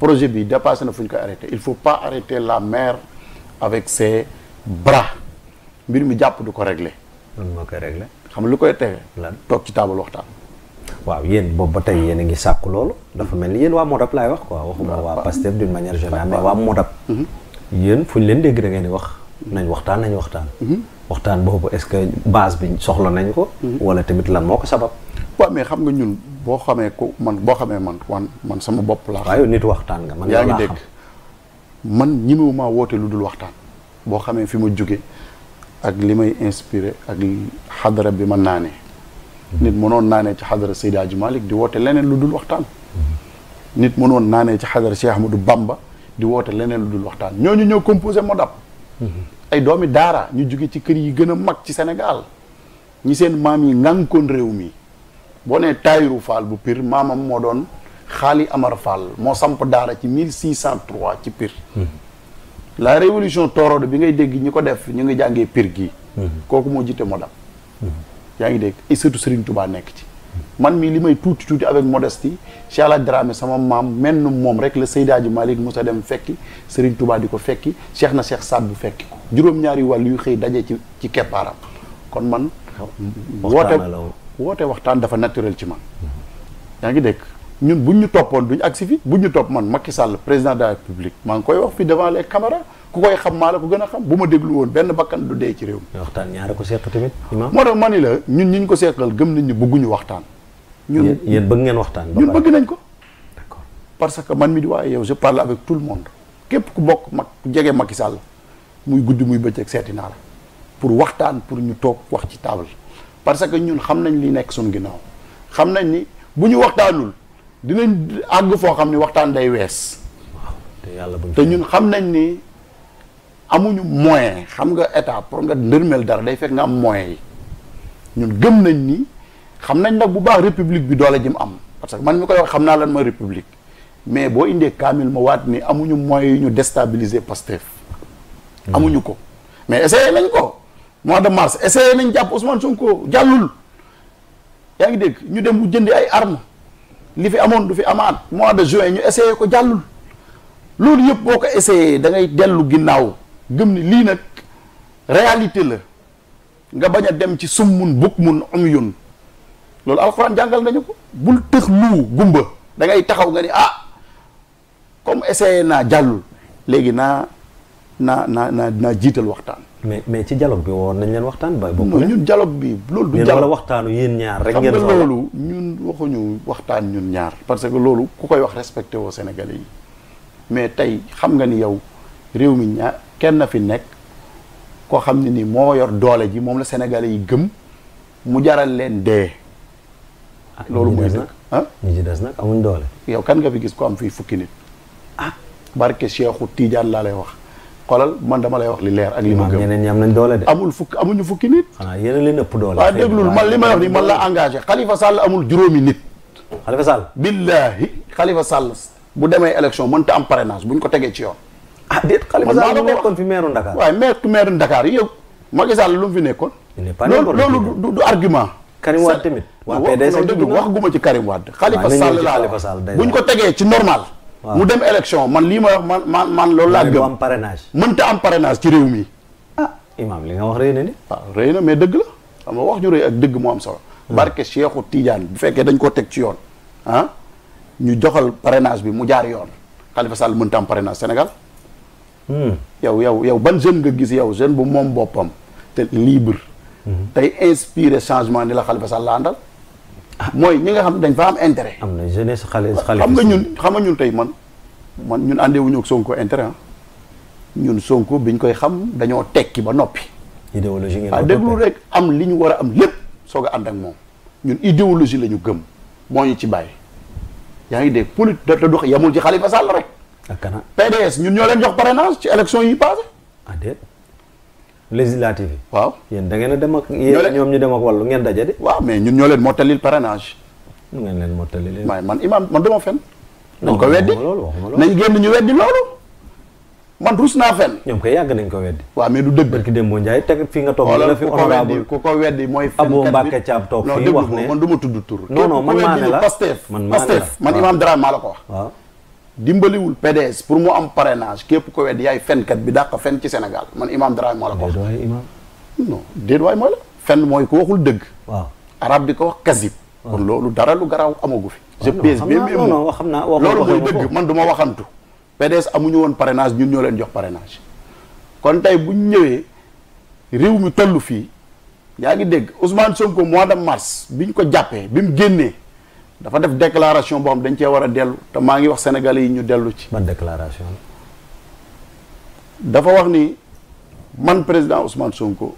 projet bi dépassé na fu ñu koy arrêté il faut pas arrêter la mer avec ses bras mbir mu jàpp du ko régler. lan moo koy régler. xam lu koy tege. lan toog ci taabal waxtaan. waaw yéen boobu ba tey yéen a ngi sàkk loolu. dafa mel ni yéen waa Modap laay wax quoi. waxuma waa Pastef d'une manière générale mais waa mm-hmm. yéen fu ñu leen dégg da ngeen di wax. nañ waxtaan nañ waxtaan. Mm-hmm. waxtaan boobu est-ce que base bi soxla nañ ko. Mm-hmm. wala tamit lan moo ko sabab. waaw xam nga ñun boo xamee ku man boo xamee man wan man sama bopp laa. waaye nit waxtaan nga man yaa ngi dégg man ñemewuma woote lu dul waxtaan. boo xamee fi ma jóge ak li may inspiré ak xadara bi ma naanee. nit mënoon naanee ci xadara Seydi Hadji Malick di woote leneen lu dul waxtaan. nit mënoon naanee ci xadara Cheikh Ahmadou Bamba di woote leneen lu dul waxtaan ñooñu ñoo composé Modap. ay doomi daara ñu jóge ci kër yi gën a mag ci senegal ñi seen maam yi ngànkoon réew mi. boo nee Tayiru Fall bu Pire maamam moo doon Xaali Amar Fall moo samp daara ci mille 1603 ci Pire. Hmm. la révolution Torodo bi ngay dégg ñi ko def ñu ngi jàngee piir gi hmm. kooku moo jiite moo dam hmm. yaa ngi dégg ay sëtu Serigne Touba nekk ci. man mii li may tuuti tuuti avec modestie Cheikh Alaaji Dramé sama maam menn moom rek la Seydaaji Malick Moussa dem fekki Serigne tubaa di ko fekki Cheikh na Cheikh Saad bu fekki ko juróom-ñaari wàll yu xëy daje ci ci keppaaram kon man. woote woote waxtaan dafa naturel ci man yaa ngi dégg ñun bu ñu toppoon duñ agsi fi bu ñu topp man makki sàll président de la République maa ngi koy wax fi devant les caméras ku koy xam maa la ko gën a xam bu ma déglu woon benn bakkan du dee ci réew mi. waxtaan ñaare ko seq tamit. moo tax ma ni la ñun ñi ñu ko seqal gëm nañ ñu bëgguñu waxtaan. ñun yéen bëgg ngeen waxtaan. ñun bëgg nañ ko. parce que man mi di waaye yow je parle avec tout le monde képp ku bokk mag ku jege Macky sàll muy guddi muy bëccëg seeti pour waxtaan pour ñu toog wax ci table. parce que ñun xam nañ li nekk suñu ginnaaw xam nañ ni bu ñu waxtaanul dinañ àgg foo xam ni waxtaan day wees. te yàlla te ñun xam nañ ni amuñu moyen xam nga état pour nga ndërmel dara day fekk nga am moyen yi ñun gëm nañ ni xam nañ nag bu baax république bi doole ji mu am parce que man mi koy xam naa lan mooy république mais boo indee kaamil ma waat nii amuñu moyen yu ñu déstabiliser Pastef amuñu ko mais essayé nañ ko. mois de mars essayé nañ jàpp Ousmane Sonko jàllul yaa ngi dégg ñu dem bu jëndi ay armes li fi amoon du fi amaat mois de juin ñu essayé ko jàllul loolu yëpp boo ko essayé da ngay dellu ginnaaw gëm ni lii nag réalité la nga bañ a dem ci summun buk mun am yoon loolu alxuraan jàngal nañu ko bul tëx lu gumba da ngay taxaw nga ni ah comme essayé naa jàllul léegi naa naa naa naa naa jiital waxtaan mais mais ci dialogue bi woon nañ leen waxtaan ba bokk ñun dialogue bi loolu du dialogue waxtaanu yéen ñaar rek ngeen xam loolu ñun waxuñu waxtaan ñun ñaar parce que loolu ku koy wax respecté woo Sénégalais yi mais tey xam nga ni yow réew mi ñaar kenn fi nekk koo xam ne ni moo yor doole ji moom la Sénégalais yi gëm mu jaral leen dee ah, loolu mooy dëgg ah ñi ci des nag amuñ doole yow kan nga fi gis ko am fii fukki nit ah barke Cheikhou Tidiane laa lay wax xoolal man dama lay wax li leer ak li ma gëm ñeneen ñi am nañ doole de amul fukki amuñu fukki nit xanaa yéen a leen ëpp doole waaw déglul man li ma wax man la engagé Khalifa Sall amul juróomi nit Khalifa Sall billaahi Sall bu demee élection mënta am parrainage buñ ko tegee ci yoon ah déet Khalifa Sall mu nekkoon fi maire Dakar waaye maire maire Dakar yi yëpp Macky Sall lu mu fi nekkoon loolu du du argument Karim wax guma ci Karim Wade Khalifa Sall laa buñ ko tegee ci normal mu dem élection man lii ma wax man man man loolu laa gëm. am parrainage. mënta am parrainage ci réew mi. ah imaam li nga wax rëy na ni. waaw ah, mais dëgg la xam nga wax ñu rëy ak dëgg moo am solo. Hmm. barke Cheikhou Tidiane bu fekkee dañ koo teg ci yoon ah ñu joxal parenage bi mu jaar yoon Khalifa Sall mënta am parrainage Sénégal. Hmm. yow yow yow ban jeune nga gis yow jeune bu moom boppam te libre. Hmm. tey inspiré changement ni la Khalifa Sall la àndal. mooy ñi nga xam dañ fa am intérêt. am na jeunesse xale xale. xam nga ñun xam nga ñun tey man man ñun àndewuñu ak Sonko intérêt ah. ñun Sonko biñ koy xam dañoo tekki ba noppi. idéologie ngeen ko déglu rek am li ñu war a am lépp soog a ànd ak moom ñun idéologie la ñu gëm moo ñu ci bàyyi. yaa ngi dégg politique da dox yamul ci Khalifa Sall rek. ak PDS ñun ñoo leen jox parrainage ci élection yi passé. ah législative yi. waaw yéen da ngeen a dem ñoom ñu dem ak wàllu ngeen daje de. waaw mais ñun ñoo leen mottalil parrainage. ñu ngeen leen mottalil man imaam man dama fen. nañ ko weddi nañ génn ñu weddi loolu. man rus naa fen. ñoom koy yàgg nañ ko weddi. waaw mais du dëgg. barki Demba Ndiaye teg fi nga toog. wala ku ko weddi ku ko weddi mooy. fenkat bi Abou Mbacke Thiam toog fii wax ne non dégg man du ma tudd tur. non non man maa ne la man maa ne la la ko wax. waaw dimbaliwul PDS pour mu am parrainage képp ko yaay fenkat bi dàq fen ci Sénégal man Imam Dramé moo la ko wax. non déet waay mooy la fen mooy ko waxul dëgg. waaw arab di ko wax kasib. kon loolu dara lu garaaw amagu fi. je pèse bien bien moom xam naa loolu mooy dëgg man du ma waxantu. PDS amuñu woon parrainage ñun ñoo leen jox parrainage kon tey bu ñu ñëwee réew mi tollu fii yaa ngi dégg Ousmane Sonko mois de mars bi ñu ko jàppee bi mu génnee. dafa def déclaration boo xam dañ cee war a dellu te maa ngi wax sénégale yi ñu dellu ci. ban déclaration dafa wax ni man président Ousmane Sonko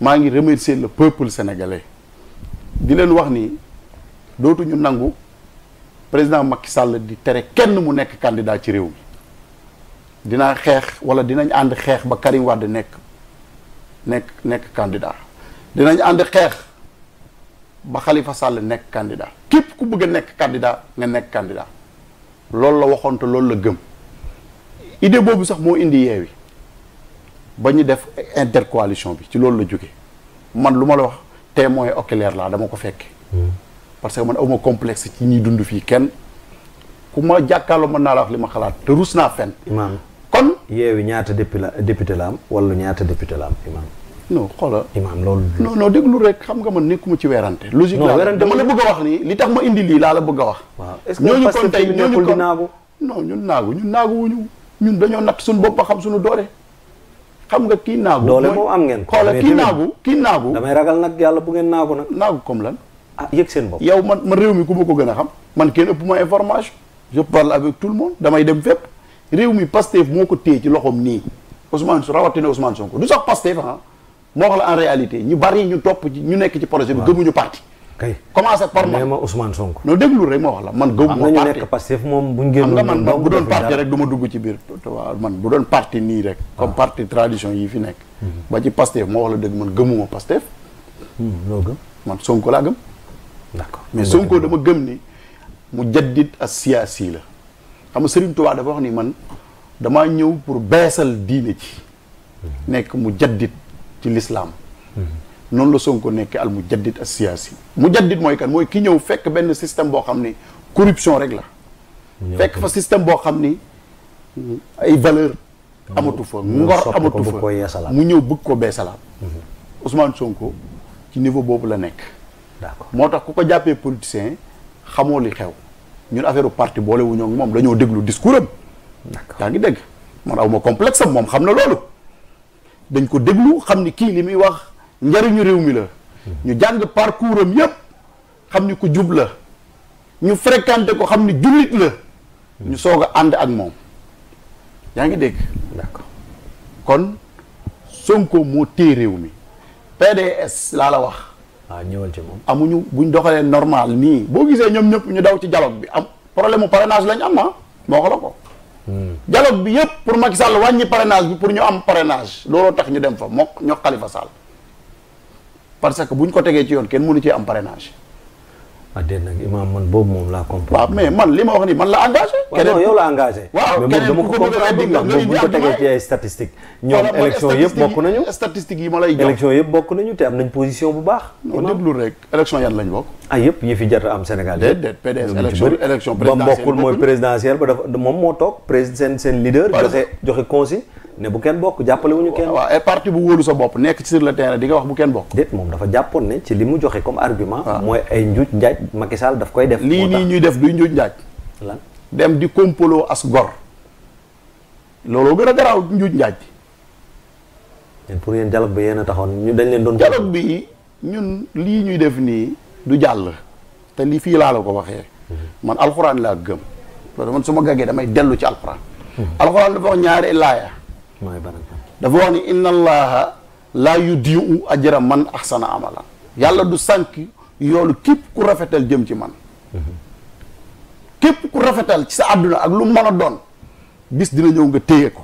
maa ngi remercier le peuple sénégalais di leen wax ni dootuñu nangu président Macky Sall di tere kenn mu nekk candidat ci réew mi dinaa xeex wala dinañ ànd xeex ba Karim Wade nekk nekk nekk candidat dinañ ànd xeex. ba xalifa Sall nekk candidat képp ku bëgg a nekk candidat nga nekk candidat loolu la waxoon te loolu la gëm idée boobu sax moo indi yeewi ba ñu def intercoalition bi ci loolu la jóge man lu ma la wax témoin oculaire laa dama ko fekke hmm. parce que man awma complexe ci ñuy dund fii kenn ku ma jàkkaarloo mën naa la wax li ma xalaat te rus naa fen imaam kon yeewi ñaata député la am wala ñaata député la am imaam non xoolal imaam loolu. non non déglu rek xam nga man nekkuma ci weerante. logique laa la dama la bëgg a wax nii li tax ma indi lii laa la bëgg a wax. waaw est-ce que parce que fi nekkul di naagu non ñun naagu ñun naagu wuñu ñun dañoo natt suñu bopp xam suñu doole. xam nga kii naagu. doole boobu am ngeen. xoolal kii naagu kii naagu. damay ragal nag yàlla bu ngeen naagu nag. naagu comme lan. ah yëg seen bopp. yow man man réew mi ku ma ko gën a xam man kenn ëpp ma information je parle avec tout le monde damay dem fépp réew mi Pastef moo ko téye ci loxoom nii Ousmane rawatina Ousmane Sonko du sax Pastef ah moo wax la en réalité ñu bari ñu topp ci ñu nekk ci projet bi gëmuñu parti kay commencé par man ma Ousmane Sonko non déglul rek moo wax la man gëmu ma parti nekk Pastef moom buñ génn man bu doon parti rek du ma dugg ci biir waaw man bu doon parti nii rek ah. comme parti tradition yi fi nekk mhm. ba ci Pastef moo wax la dëgg man gëmuma Pastef hmm, loo gëm man Sonko laa gëm mais Sonko dama gëm ni mu jaddit as siyaasi la xam nga Serigne Touba dafa wax ni man damaa ñëw pour beesal diine ci hmm. nekk mu jaddit ci lislaam noonu la Sonko nekkee al mujaddid as siyaasi mujaddid mooy kan mooy ki ñëw fekk benn système boo xam ni corruption rek la fekk fa système boo xam ni ay valeur amatu fa ngor amatu fa mu ñëw bëgg ko beesalaat mhm. Ousmane Sonko ci niveau boobu la nekk moo tax ku ko jàppee politicien xamoo li xew ñun affaire parti boole wu ñoo moom dañoo déglu discours am yaa ngi dégg man aw ma complexe moom xam na loolu dañ ko déglu xam ni kii li muy wax njariñu réew mi la ñu jàng parcours am yépp xam ni ku jub la ñu fréquenté ko xam ni jullit la ñu soog a ànd ak moom yaa ngi dégg kon Sonko moo téye réew mi PDS laa la wax waaw ah, ñëwal ci moom amuñu buñ doxalee normal nii boo gisee ñoom ñëpp ñu daw ci dialogue bi am problème mu parrainage lañ am na ah, moo ko la ko dialogue bi yëpp pour Macky Sall wàññi parrainage bi pour ñu am parrainage looloo tax ñu dem fa mook ñoo Khalifa Sall parce que bu ñu ko tegee ci yoon kenn mënu ci am parrainage ah déedéet nag imaam man boobu moom laa comprendre. man li ma wax nii man la engagé. keneen yow la engagé. waaw dama ko comprendre ndax moom yi ma lay jox élection yëpp bokk nañu te am moo toog président seen leader. joxe joxe consi ne bu kenn bokk jàppale wu ñu kenn. waaw ay parti bu wóolu sa bopp nekk ci sur le terrain di nga wax bu kenn bokk. déet moom dafa jàppoon ne ci li mu joxe comme argument. mooy ay njuuj njaaj Macky Sall daf koy def. lii nii ñuy def duy njuuj njaaj. lan dem di kompaloo as gor. gën a garaaw njuuj njaaj bi. pour yéen dialogue bi yéen a taxoon ñu dañ leen doon. dialogue bi ñun lii ñuy def nii du jàll. te lii fii laa la ko waxee. Mhm. man alxuraan laa gëm. loolu man su ma gaggee damay dellu ci alxuraan. Mhm. alxuraan dafa wax ñaari laaya mooy ban dafa wax ni inna allaha laa yudiu ajra man ahsana amala yàlla du sànk yoolu képp ku rafetal jëm ci man képp ku rafetal ci sa àdduna ak lu mën a doon bis dina ñëw nga téye ko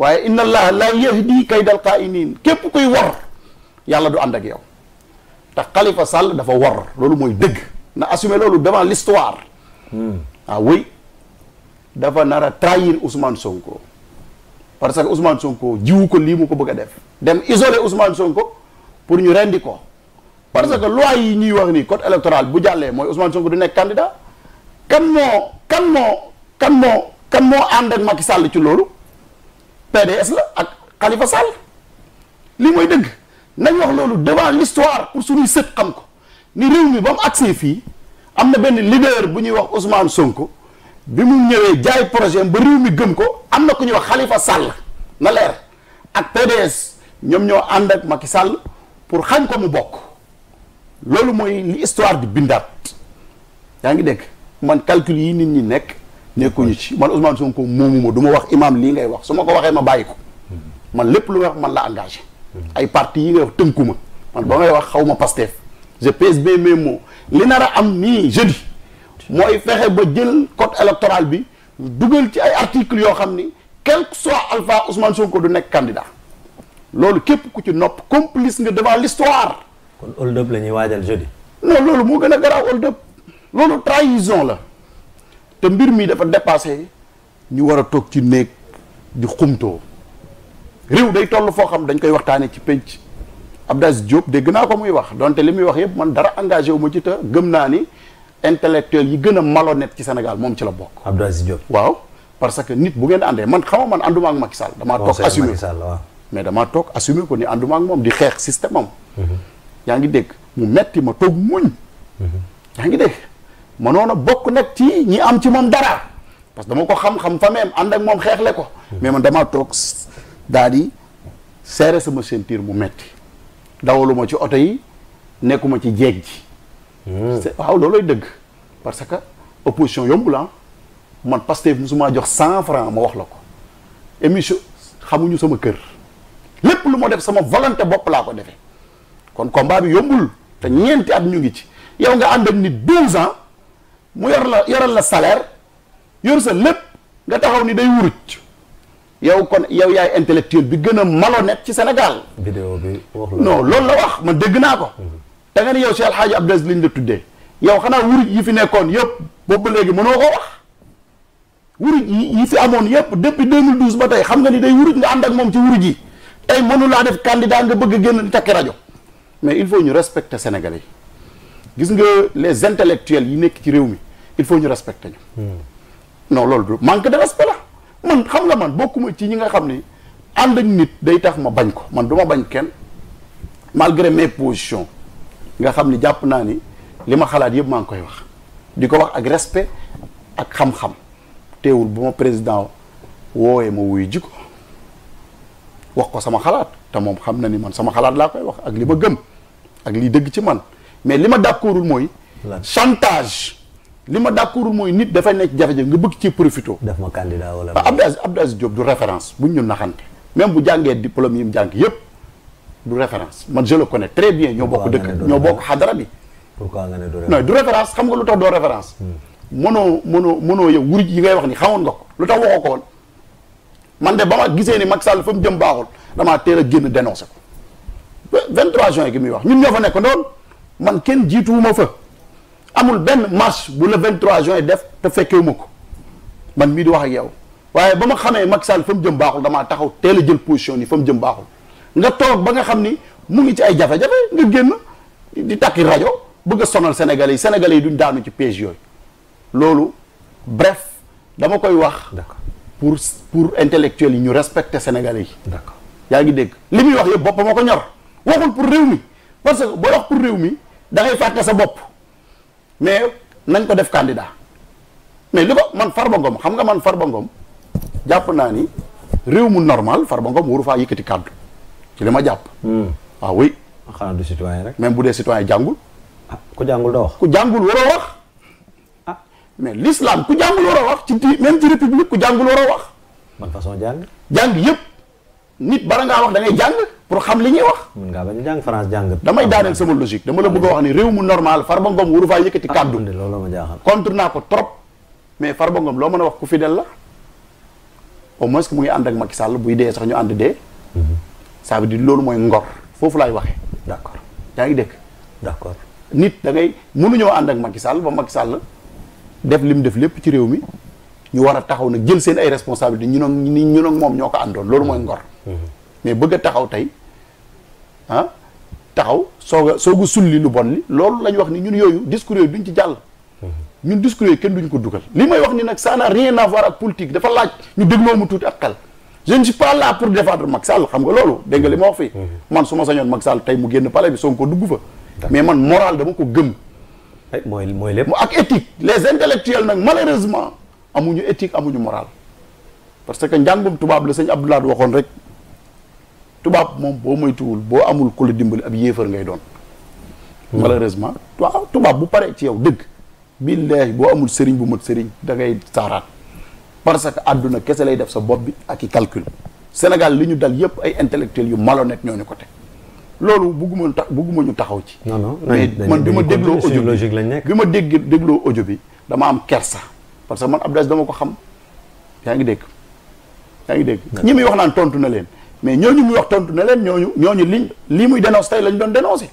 waaye inna allaha laa yahdi kaydal qaa'iniin képp kuy war yàlla du ànd ak yow te xalifa Sall dafa war loolu mooy dëgg na assumer loolu devant l'histoire hmm. ah oui dafa nar a trahir Sonko parce que Ousmane Sonko jiwu ko lii mu ko bëgg def dem isoler Ousmane Sonko pour ñu rendi ko parce que loi yi ñuy wax nii code électoral bu jàllee mooy Ousmane Sonko du nekk candidat kan moo kan moo kan moo kan moo ànd ak ci loolu PDS la ak Khalifa Sall li mooy dëgg nañ wax loolu devant l'histoire pour suñuy sët xam ko ni réew mi ba mu agsee fii am na benn leader bu ñuy wax Ousmane Sonko bi mu ñëwee jaay projet ba réew mi gëm ko am na ku ñuy wax Khalifa Sall na leer ak PDS ñoom ñoo ànd ak Macky Sall pour xañ ko mu bokk loolu mooy li histoire di bindaat yaa ngi dégg man calcul yi nit ñi nekk nekkuñu ci man Ousmane Sonko moomu ma du ma wax imam lii ngay wax su ma ko waxee ma bàyyi ko man lépp lu may wax man la engagé ay parti yi ngay wax tënku ma man ba ngay wax xaw ma Pastef je pèse bien mes mots li nar a am nii jeudi mooy fexe ba jël code électoral bi dugal ci ay articles yoo xam ni quelque que soit Alpha Ousmane Sonko du nekk candidat loolu képp ku ci nopp complice nga devant l'histoire kon hold up la ñuy waajal jeudi. non loolu moo gën a garaaw hold up loolu trahison la te mbir mii dafa dépassé ñu war a toog ci néeg di xumtoo réew day toll foo xam dañ koy waxtaanee ci penc Abdas Diop dégg naa ko muy wax donte li muy wax yëpp man dara engagé wu ma ci te gëm naa ni. intellectuel yi gën a malhonnête ci Sénégal moom ci la bokk. Abdou waaw parce que nit bu ngeen àndee man xaw ma man ànduma ak Macky Sall. damaa toog assumé mais damaa toog assumé ko ni ànduma ak moom di xeex système am. Mhm. yaa ngi dégg mu metti ma toog muñ. Mhm. yaa ngi dégg mënoon a bokk nag ci ñi am ci man dara parce que dama ko xam-xam fa même ànd ak moom xeexle ko. Mhm. mais man damaa toog daal di serré sama ceinture mu metti dawaluma ci oto yi nekkuma ci jeeg ji. Hmm. waaw loolooy dëgg parce que opposition yombul ah man Pastef musuma jox cent franc ma wax la ko émission xamuñu sama kër lépp lu ma def sama volonté bopp laa ko defee kon combat bi yombul te ñeenti at ñu ngi ci yow nga ànd ak nit douze ans mu yor la yoral la salaire yor sa lépp nga taxaw ni day wuruj yow kon yow yaay intellectuel bi gën a malhonnête ci Sénégal vidéo bi wax la non loolu la wax man dégg naa ko hmm. da nga ni yow si alxaaji ab Aziz lañ la tuddee yow xanaa wuruj yi fi nekkoon yëpp boobu léegi mënoo ko wax wuruj yi fi amoon yëpp depuis 2012 ba tey xam nga ni day wuruj nga ànd ak moom ci wuruj yi tey mënu laa def candidat nga bëgg génn génn takki rajo mais il faut ñu respecter Sénégalais yi gis nga les intellectuels yi nekk ci réew mi il faut ñu respecter ñu. Hmm. no loolu du manque de respect la man xam nga man bokkuma ci ñi nga xam ni ànd ak nit day tax ma bañ ko man du bañ kenn malgré mes positions. nga xam ni jàpp naa ni li ma xalaat yëpp maa ngi koy wax di ko wax ak respect ak xam-xam teewul bu ma président woowee ma wuyu ji wax ko sama xalaat te moom xam na ni man sama xalaat laa koy wax ak li ma gëm ak li dëgg ci man mais li ma d'accordul mooy chantage li ma d'accordul mooy nit dafay nekk jafe-jafe nga bëgg ci profité def ma candidat wala Abdou Aziz Abdou Aziz Diop du référence bu ñu naxante même bu jàngee diplôme yi mu jàng yëpp du référence man je ko ne très bien ñoo bokk dëkk ñoo bokk xadara bi pourquoi nga ne du référence xam nga lu tax doo référence hmm. mënoo mënoo mënoo yow wuruj yi ngay wax ni xamoon nga ko lu tax waxoo ko woon man de ba ma gisee ni mag Sall fa mu jëm baaxul damaa teel a génn dénoncé ko 23 juin muy wax ñun ñoo fa nekk noonu man kenn jiituwuma fa amul benn marche bu le 23 juin def te fekkewuma ko man mii di wax ak yow waaye ba ma xamee Macky Sall fa mu jëm baaxul damaa taxaw teel jël position ni fa mu jëm baaxul nga toog ba nga xam ni mu ngi ci ay jafe-jafe nga génn di takki rajo bëgg sonal sénégalais yi sénégalais yi duñ daanu ci piège yooyu loolu bref dama koy wax. pour pour intellectuels yi ñu respecter sénégalais yi. yaa ngi dégg li muy wax yëpp bopp ma ko ñor waxul pour réew mi parce que booy wax pour réew mi da ngay fàtte sa bopp mais nañ ko def candidat mais li ko man Farba Ngom xam nga man Farba Ngom jàpp naa ni réew mu normal Farba Ngom waru faa yëkkati kàddu. ci li ma jàpp. waaw hmm. ah oui. Ah, xanaa du citoyen même bu dee citoyen jàngul. ah ku jàngul doo wax. ku jàngul waroo wax. ah mais l'islam ku jàngul a wax ci même ci république ku jàngul waroo wax. man façon jàng. jàng yëpp nit bara ngaa wax da ngay jàng pour xam li ñuy wax. mën ngaa bañ jàng France jàng. damay ah, daaneel sama logique dama la bëgg a wax ni réew mu normal Farba Ngom waru faa yëkkati kàddu. loolu ma jaaxal contre naa ko trop. mais Farba Ngom loo mën a wax ku fidèle la au moins que mu ngi ànd ak Macky Sall buy dee sax ñu ànd dee. Mm-hmm. ça bi dire loolu mooy ngor foofu laay waxee. d' accord yaa ngi dégg. d' accord nit dangay ngay mënuñoo ànd ak Macky sàll ba Macky sàll def lim def lépp ci réew mi ñu war a taxaw nag jël seen ay responsabilités ñu noog ni ñu noog moom ñoo ko àndoon loolu mooy ngor. Mhm. mais bëgg a taxaw tey ah taxaw soog a soog a sulli lu bon li loolu la wax ni ñun yooyu discours yooyu ñu ci jàll. Mhm. ñun discours yooyu kenn duñ ko dugal. li may wax ni nag ça n'a rien à voir ak politique dafa laaj ñu dégloo mu tuuti ak xel. je ne suis pas là pour défendre Macky Sall xam nga loolu dégg li ma wax fii. Mhm. man su ma sañoon Macky Sall tey mu génn palais bi Sonko dugg fa. mais man moral dama ko gëm. Eh, mooy mooy lépp ak éthique les intellectuels nag malheureusement amuñu éthique amuñu moral parce que njàngum tubaab la sëñ Abdoulaye waxoon rek tubaab moom moytuwul boo amul ku la dimbali ab yéefar ngay doon. Hmm. malheureusement waaw tubaab bu pare ci yow dëgg. billaahi boo amul sëriñ bu mat sëriñ da ngay saaraat. parce que àdduna kese lay def sa bopp bi ak i calcul Sénégal li ñu dal yëpp ay intellectuels yu malhonnête ñoo ñu ko teg loolu bugguma tax bugguma ñu taxaw ci. non non mais man bi ma dégloo audio bi bi ma dégg dégloo audio bi dama am kersa parce que man Abdou dama ko xam yaa ngi dégg yaa ngi dégg. ñi muy wax naan tontu na leen mais ñoo ñooñu mu wax tontu na leen ñoo ñooñu ñooñu liñ lii muy dénonce tey lañ doon dénoncé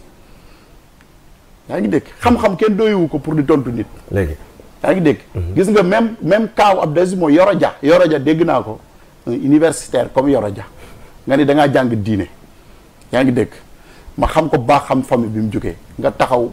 yaa ngi dégg xam-xam kenn doyewu ko pour di tontu nit. léegi. yaa ngi dégg mhm. gis nga même même kaaw Abdou Aziz mooy Yoro Dia Yoro Dia dégg naa ko un universitaire comme Yoro Dia nga ni da ngaa jàng diine yaa ngi dégg ma xam ko baax xam famille bi mu jógee nga taxaw